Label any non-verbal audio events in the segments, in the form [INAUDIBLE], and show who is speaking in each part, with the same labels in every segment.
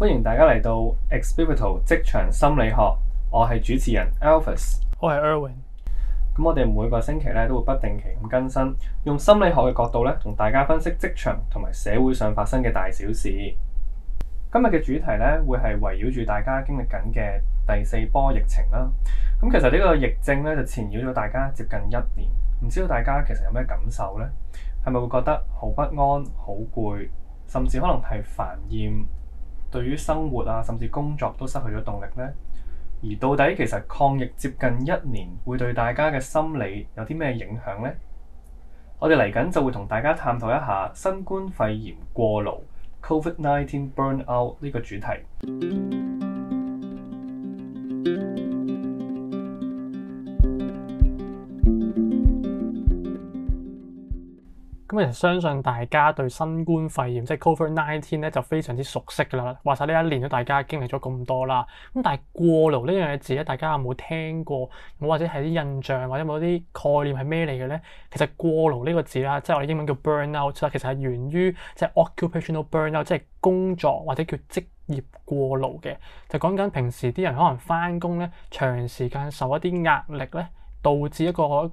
Speaker 1: 歡迎大家嚟到 Exhibital 職場心理學，我係主持人 Alphus 我係 Irwin、er。咁、嗯、我哋每個星期咧都會不定期咁更新，用心理學嘅角度咧同大家分析職場同埋社會上發生嘅大小事。今日嘅主題咧會係圍繞住大家經歷緊嘅第四波疫情啦。咁、嗯、其實呢個疫症咧就纏繞咗大家接近一年，唔知道大家其實有咩感受呢？係咪會覺得好不安、好攰，甚至可能係煩厭？對於生活啊，甚至工作都失去咗動力呢？而到底其實抗疫接近一年，會對大家嘅心理有啲咩影響呢？我哋嚟緊就會同大家探討一下新冠肺炎過勞 （COVID-19 Burnout） 呢個主題。
Speaker 2: 咁其實相信大家對新冠肺炎，即係 COVID-19 咧就非常之熟悉㗎啦。話晒呢一年都大家經歷咗咁多啦。咁但係過勞呢樣嘢字咧，大家有冇聽過？或者係啲印象，或者冇啲概念係咩嚟嘅咧？其實過勞呢個字啦，即係我哋英文叫 burnout，其實係源於 out，即係 occupational burnout，即係工作或者叫職業過勞嘅。就講緊平時啲人可能翻工咧，長時間受一啲壓力咧。導致一個好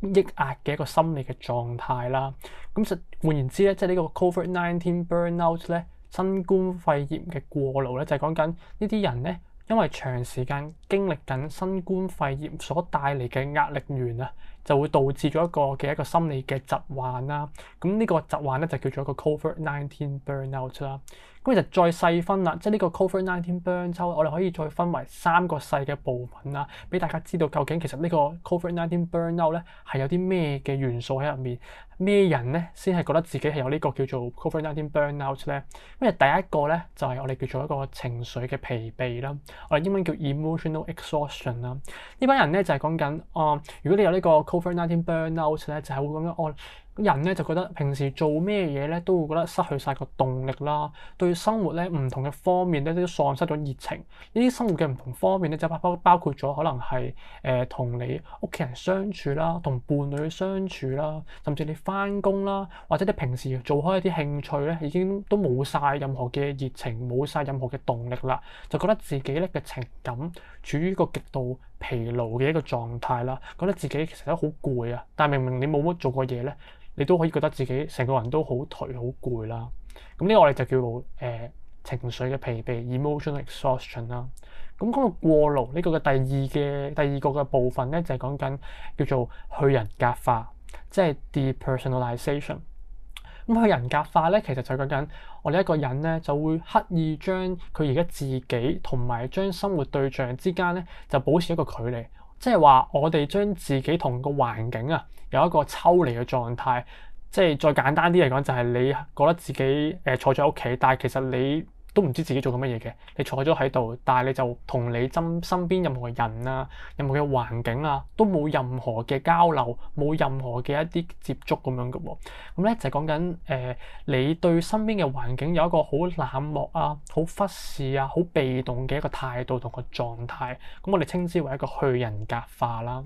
Speaker 2: 抑壓嘅一個心理嘅狀態啦。咁實換言之咧，即係呢個 Covid Nineteen Burnout 咧，新冠肺炎嘅過勞咧，就係講緊呢啲人咧，因為長時間經歷緊新冠肺炎所帶嚟嘅壓力源啊，就會導致咗一個嘅一個心理嘅疾患啦。咁呢個疾患咧就叫做一個 Covid Nineteen Burnout 啦。咁就再細分啦，即係呢個 Covid-19 burnout，我哋可以再分為三個細嘅部分啦，俾大家知道究竟其實呢個 Covid-19 burnout 咧係有啲咩嘅元素喺入面，咩人咧先係覺得自己係有呢個叫做 Covid-19 burnout 咧？咁啊，第一個咧就係、是、我哋叫做一個情緒嘅疲憊啦，我哋英文叫 emotional exhaustion 啦。呢班人咧就係講緊，啊、嗯，如果你有呢個 Covid-19 burnout 嘅話，out，就係會咁樣，哦。人咧就覺得平時做咩嘢咧都會覺得失去晒個動力啦，對生活咧唔同嘅方面咧都喪失咗熱情。呢啲生活嘅唔同方面咧就包包括咗可能係誒同你屋企人相處啦，同伴侶相處啦，甚至你返工啦，或者你平時做開一啲興趣咧已經都冇晒任何嘅熱情，冇晒任何嘅動力啦，就覺得自己咧嘅情感處於一個極度疲勞嘅一個狀態啦，覺得自己其實都好攰啊，但係明明你冇乜做過嘢咧，你都可以覺得自己成個人都好頹好攰啦。咁呢、嗯這個我哋就叫做、呃、情緒嘅疲憊 （emotional exhaustion） 啦。咁講到過勞呢、這個嘅第二嘅第二個嘅部分咧，就係講緊叫做去人格化，即係 depersonalization。咁佢人格化咧，其實就講緊我哋一個人咧，就會刻意將佢而家自己同埋將生活對象之間咧，就保持一個距離。即係話我哋將自己同個環境啊，有一個抽離嘅狀態。即係再簡單啲嚟講，就係、是、你覺得自己誒、呃、坐咗喺屋企，但係其實你，都唔知自己做緊乜嘢嘅，你坐咗喺度，但係你就同你周身邊任何人啊、任何嘅環境啊，都冇任何嘅交流，冇任何嘅一啲接觸咁樣嘅喎。咁、嗯、咧就係講緊誒，你對身邊嘅環境有一個好冷漠啊、好忽視啊、好被動嘅一個態度同個狀態。咁、嗯、我哋稱之為一個去人格化啦。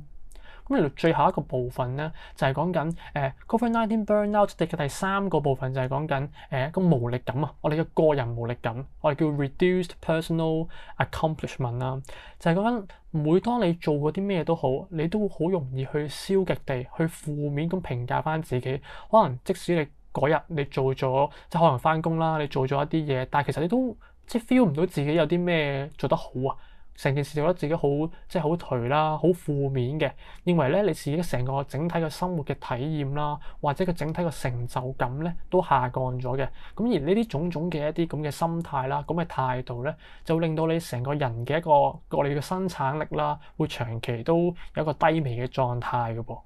Speaker 2: 咁嚟到最後一個部分咧，就係、是、講緊誒、呃、COVID-19 burnout 嘅第三個部分就，就係講緊誒一個無力感啊！我哋嘅個人無力感，我哋叫 reduced personal accomplishment 啦，就係講緊每當你做過啲咩都好，你都好容易去消極地去負面咁評價翻自己。可能即使你嗰日你做咗，就是、可能翻工啦，你做咗一啲嘢，但係其實你都即係、就是、feel 唔到自己有啲咩做得好啊！成件事就覺得自己好即係好頹啦，好負面嘅，認為咧你自己成個整體嘅生活嘅體驗啦，或者個整體嘅成就感咧都下降咗嘅。咁而呢啲種種嘅一啲咁嘅心態啦，咁嘅態度咧，就令到你成個人嘅一個我哋嘅生產力啦，會長期都有一個低微嘅狀態嘅噃。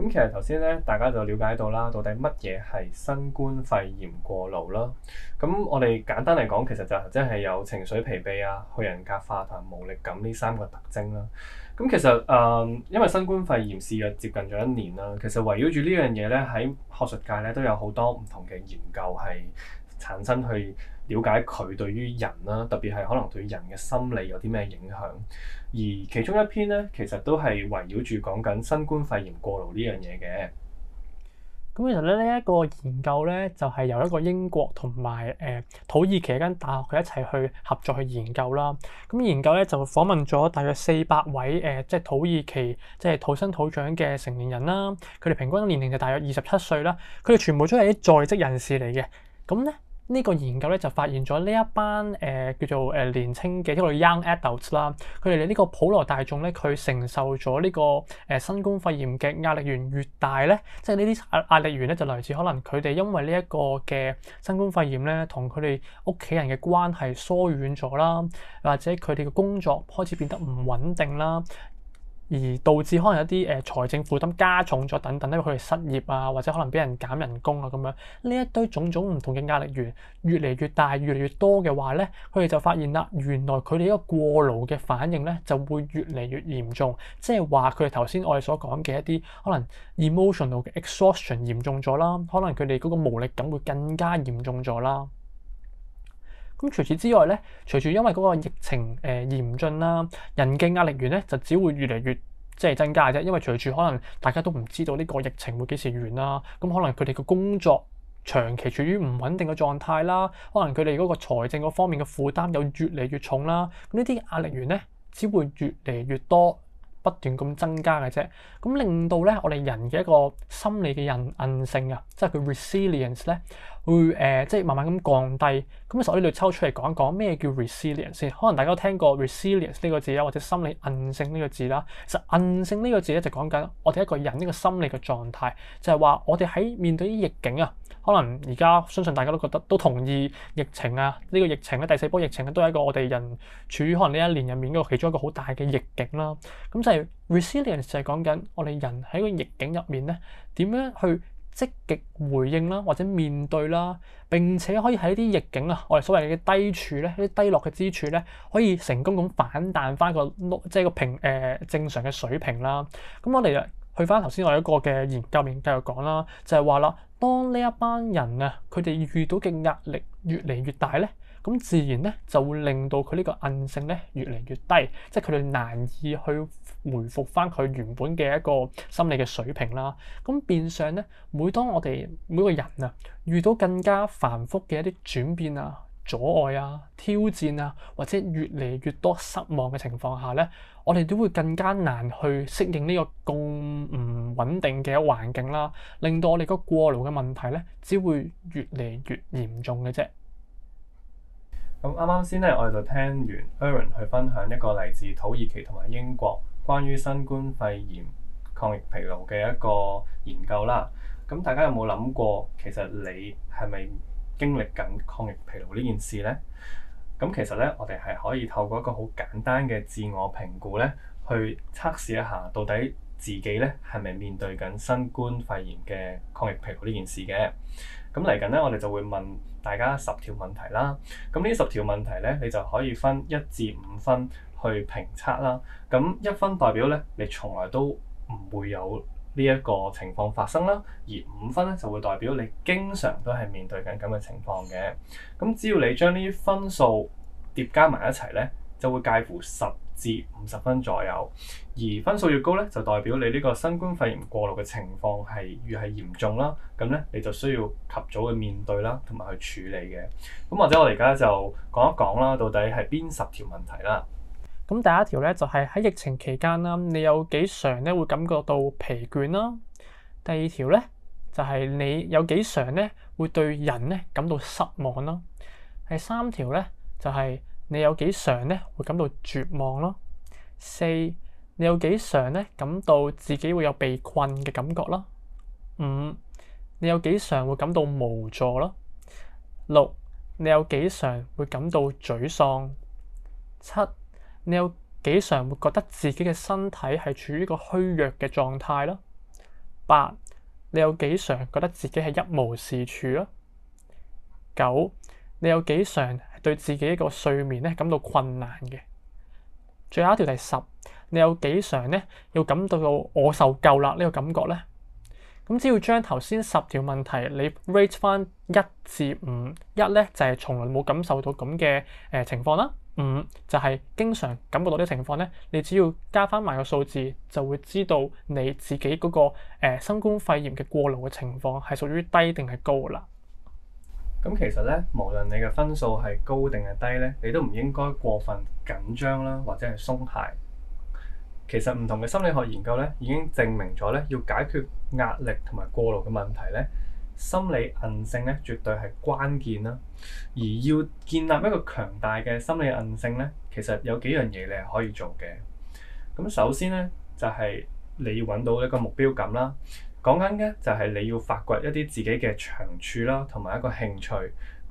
Speaker 1: 咁其實頭先咧，大家就了解到啦，到底乜嘢係新冠肺炎過勞啦？咁我哋簡單嚟講，其實就即係有情緒疲憊啊、去人格化同埋無力感呢三個特徵啦、啊。咁其實誒、呃，因為新冠肺炎肆虐接近咗一年啦，其實圍繞住呢樣嘢咧，喺學術界咧都有好多唔同嘅研究係產生去。了解佢對於人啦，特別係可能對人嘅心理有啲咩影響。而其中一篇咧，其實都係圍繞住講緊新冠肺炎過勞呢樣嘢嘅。
Speaker 2: 咁、嗯、其實咧，呢一個研究咧，就係由一個英國同埋誒土耳其一間大學佢一齊去合作去研究啦。咁研究咧就訪問咗大約四百位誒、呃，即係土耳其即係土生土長嘅成年人啦。佢哋平均年齡就大約二十七歲啦。佢哋全部都係啲在職人士嚟嘅。咁咧。呢個研究咧就發現咗呢一班誒、呃、叫做誒年青嘅一個 young adults 啦，佢哋呢個普羅大眾咧，佢承受咗呢、這個誒、呃、新冠肺炎嘅壓力源越大咧，即係呢啲壓力源咧，就嚟自可能佢哋因為呢一個嘅新冠肺炎咧，同佢哋屋企人嘅關係疏遠咗啦，或者佢哋嘅工作開始變得唔穩定啦。而導致可能一啲誒、呃、財政負擔加重咗等等，因為佢哋失業啊，或者可能俾人減人工啊咁樣，呢一堆種種唔同嘅壓力源越嚟越大、越嚟越多嘅話咧，佢哋就發現啦，原來佢哋一個過勞嘅反應咧就會越嚟越嚴重，即係話佢哋頭先我哋所講嘅一啲可能 emotional 嘅 exhaustion 嚴重咗啦，可能佢哋嗰個無力感會更加嚴重咗啦。咁除此之外咧，隨住因為嗰個疫情誒、呃、嚴峻啦，人嘅壓力源咧就只會越嚟越即係增加嘅啫。因為隨住可能大家都唔知道呢個疫情會幾時完啦，咁、嗯、可能佢哋嘅工作長期處於唔穩定嘅狀態啦，可能佢哋嗰個財政嗰方面嘅負擔又越嚟越重啦，咁呢啲壓力源咧只會越嚟越多，不斷咁增加嘅啫。咁、嗯、令到咧我哋人嘅一個心理嘅韌韌性啊，即係佢 resilience 咧。會誒、呃，即係慢慢咁降低。咁所以要抽出嚟講一講咩叫 resilience 先。可能大家都聽過 resilience 呢個字啊，或者心理韌性呢個字啦。其實韌性呢個字咧就講緊我哋一個人呢個心理嘅狀態，就係、是、話我哋喺面對啲逆境啊。可能而家相信大家都覺得都同意疫情啊，呢、這個疫情咧第四波疫情咧都係一個我哋人處於可能呢一年入面嗰其中一個好大嘅逆境啦。咁就係 resilience 就係講緊我哋人喺個逆境入面咧點樣去，積極回應啦，或者面對啦，並且可以喺啲逆境啊，我哋所謂嘅低處咧，啲低落嘅之處咧，可以成功咁反彈翻個碌，即係個平誒正常嘅水平啦。咁 [NOISE] 我哋去翻頭先我哋一個嘅研究面繼續講啦，就係話啦，當呢一班人啊，佢哋遇到嘅壓力越嚟越大咧。咁自然咧，就會令到佢呢個韌性咧越嚟越低，即係佢哋難以去回復翻佢原本嘅一個心理嘅水平啦。咁變相咧，每當我哋每個人啊遇到更加繁複嘅一啲轉變啊、阻礙啊、挑戰啊，或者越嚟越多失望嘅情況下咧，我哋都會更加難去適應呢個咁唔穩定嘅環境啦，令到我哋個過勞嘅問題咧，只會越嚟越嚴重嘅啫。
Speaker 1: 咁啱啱先咧，我哋就聽完 Aaron 去分享一個嚟自土耳其同埋英國關於新冠肺炎抗疫疲勞嘅一個研究啦。咁大家有冇諗過，其實你係咪經歷緊抗疫疲勞呢件事呢？咁其實咧，我哋係可以透過一個好簡單嘅自我評估咧，去測試一下到底自己咧係咪面對緊新冠肺炎嘅抗疫疲勞呢件事嘅。咁嚟緊咧，我哋就會問大家十條問題啦。咁呢十條問題咧，你就可以分一至五分去評測啦。咁一分代表咧，你從來都唔會有呢一個情況發生啦。而五分咧就會代表你經常都係面對緊咁嘅情況嘅。咁只要你將呢啲分數疊加埋一齊咧，就會介乎十至五十分左右，而分數越高咧，就代表你呢個新冠肺炎過勞嘅情況係越係嚴重啦。咁咧，你就需要及早去面對啦，同埋去處理嘅。咁或者我哋而家就講一講啦，到底係邊十條問題啦。
Speaker 2: 咁第一條咧就係、是、喺疫情期間啦，你有幾常咧會感覺到疲倦啦？第二條咧就係、是、你有幾常咧會對人咧感到失望啦？第三條咧就係、是。你有幾常咧會感到絕望咯？四，你有幾常咧感到自己會有被困嘅感覺咯？五，你有幾常會感到無助咯？六，你有幾常會感到沮喪？七，你有幾常會覺得自己嘅身體係處於一個虛弱嘅狀態咯？八，你有幾常覺得自己係一無是處咯？九，你有幾常？對自己一個睡眠咧感到困難嘅，最後一條第十，你有幾常咧要感到到我受夠啦呢個感覺咧？咁只要將頭先十條問題你 rate 翻一至五，一咧就係從來冇感受到咁嘅誒情況啦，五就係經常感覺到啲情況咧。你只要加翻埋個數字，就會知道你自己嗰個、呃、新冠肺炎嘅過勞嘅情況係屬於低定係高啦。
Speaker 1: 咁其實咧，無論你嘅分數係高定係低咧，你都唔應該過分緊張啦，或者係鬆懈。其實唔同嘅心理學研究咧，已經證明咗咧，要解決壓力同埋過勞嘅問題咧，心理韌性咧絕對係關鍵啦。而要建立一個強大嘅心理韌性咧，其實有幾樣嘢你係可以做嘅。咁首先咧，就係、是、你揾到一個目標感啦。講緊咧，就係你要發掘一啲自己嘅長處啦，同埋一個興趣。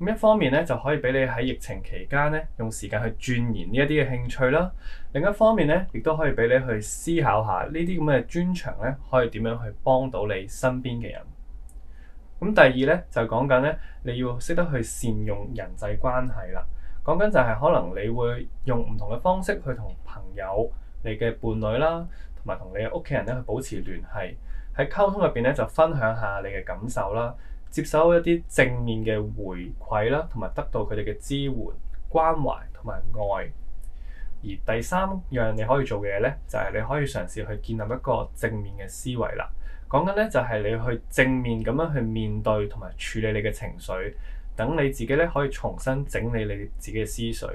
Speaker 1: 咁一方面咧，就可以俾你喺疫情期間咧用時間去鑽研呢一啲嘅興趣啦。另一方面咧，亦都可以俾你去思考下呢啲咁嘅專長咧，可以點樣去幫到你身邊嘅人。咁第二咧，就係講緊咧，你要識得去善用人際關係啦。講緊就係可能你會用唔同嘅方式去同朋友、你嘅伴侶啦，同埋同你屋企人咧去保持聯繫。喺溝通入邊咧，就分享下你嘅感受啦，接受一啲正面嘅回饋啦，同埋得到佢哋嘅支援、關懷同埋愛。而第三樣你可以做嘅嘢咧，就係你可以嘗試去建立一個正面嘅思維啦。講緊咧，就係你去正面咁樣去面對同埋處理你嘅情緒，等你自己咧可以重新整理你自己嘅思緒。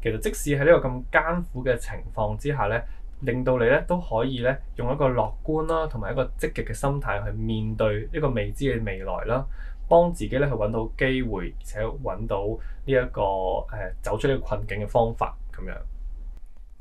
Speaker 1: 其實即使喺呢個咁艱苦嘅情況之下咧。令到你咧都可以咧用一個樂觀啦，同埋一個積極嘅心態去面對一個未知嘅未來啦，幫自己咧去搵到機會，而且搵到呢、這、一個誒走出呢個困境嘅方法咁樣。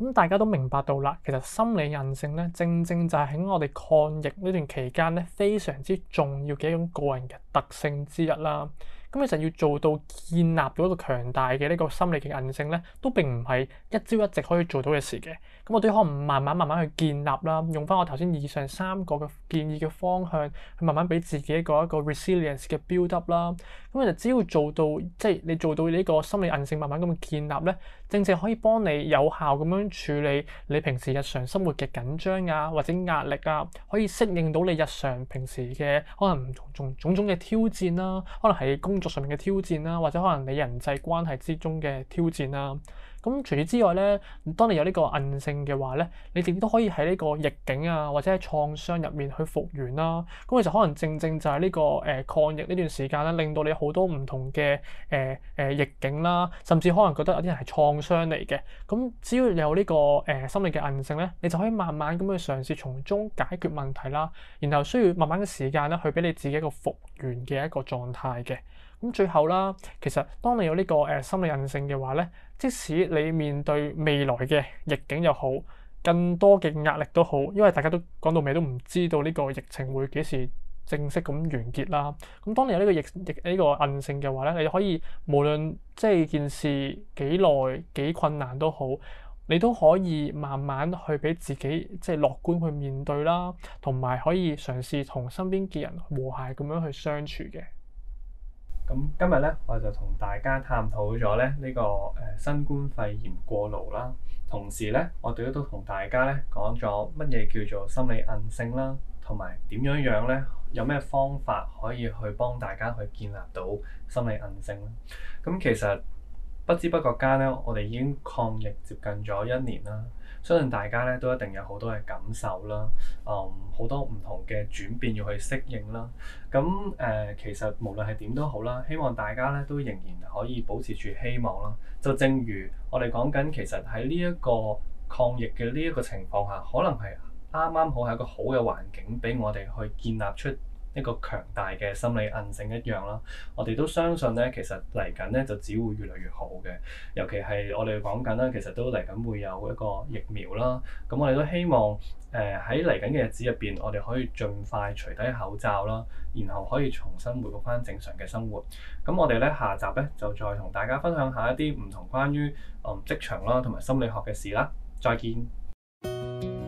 Speaker 2: 咁、嗯、大家都明白到啦，其實心理韌性咧，正正就係喺我哋抗疫呢段期間咧，非常之重要嘅一種個人嘅特性之一啦。咁其實要做到建立到一個強大嘅呢個心理嘅韌性咧，都並唔係一朝一夕可以做到嘅事嘅。咁我都可能慢慢慢慢去建立啦，用翻我頭先以上三個嘅建議嘅方向去慢慢俾自己一個一個 resilience 嘅 build up 啦。咁其實只要做到，即係你做到呢個心理韌性慢慢咁建立咧，正正可以幫你有效咁樣處理你平時日常生活嘅緊張啊，或者壓力啊，可以適應到你日常平時嘅可能唔同種種嘅挑戰啦，啊，可能係工。作上面嘅挑戰啦，或者可能你人際關係之中嘅挑戰啦。咁除此之外咧，當你有呢個韌性嘅話咧，你亦都可以喺呢個逆境啊，或者喺創傷入面去復原啦。咁其實可能正正就係呢、這個誒、呃、抗疫呢段時間咧，令到你好多唔同嘅誒誒逆境啦，甚至可能覺得有啲人係創傷嚟嘅。咁只要有呢、這個誒、呃、心理嘅韌性咧，你就可以慢慢咁去嘗試從中解決問題啦。然後需要慢慢嘅時間咧，去俾你自己一個復原嘅一個狀態嘅。咁最後啦，其實當你有呢個誒心理韌性嘅話咧，即使你面對未來嘅逆境又好，更多嘅壓力都好，因為大家都講到尾都唔知道呢個疫情會幾時正式咁完結啦。咁當你有呢個逆呢個韌性嘅話咧，你可以無論即係件事幾耐幾困難都好，你都可以慢慢去俾自己即係樂觀去面對啦，同埋可以嘗試同身邊嘅人和諧咁樣去相處嘅。
Speaker 1: 咁今日咧，我就同大家探討咗咧呢個誒、呃、新冠肺炎過勞啦，同時咧，我哋都同大家咧講咗乜嘢叫做心理韌性啦，同埋點樣樣咧，有咩方法可以去幫大家去建立到心理韌性咧？咁其實不知不覺間咧，我哋已經抗疫接近咗一年啦。相信大家咧都一定有好多嘅感受啦，嗯，好多唔同嘅轉變要去適應啦。咁誒、呃，其實無論係點都好啦，希望大家咧都仍然可以保持住希望啦。就正如我哋講緊，其實喺呢一個抗疫嘅呢一個情況下，可能係啱啱好係一個好嘅環境，俾我哋去建立出。一個強大嘅心理韌性一樣啦，我哋都相信咧，其實嚟緊咧就只會越嚟越好嘅。尤其係我哋講緊啦，其實都嚟緊會有一個疫苗啦。咁我哋都希望誒喺嚟緊嘅日子入邊，我哋可以盡快除低口罩啦，然後可以重新回復翻正常嘅生活。咁我哋咧，下集咧就再同大家分享下一啲唔同關於嗯職場啦，同埋心理學嘅事啦。再見。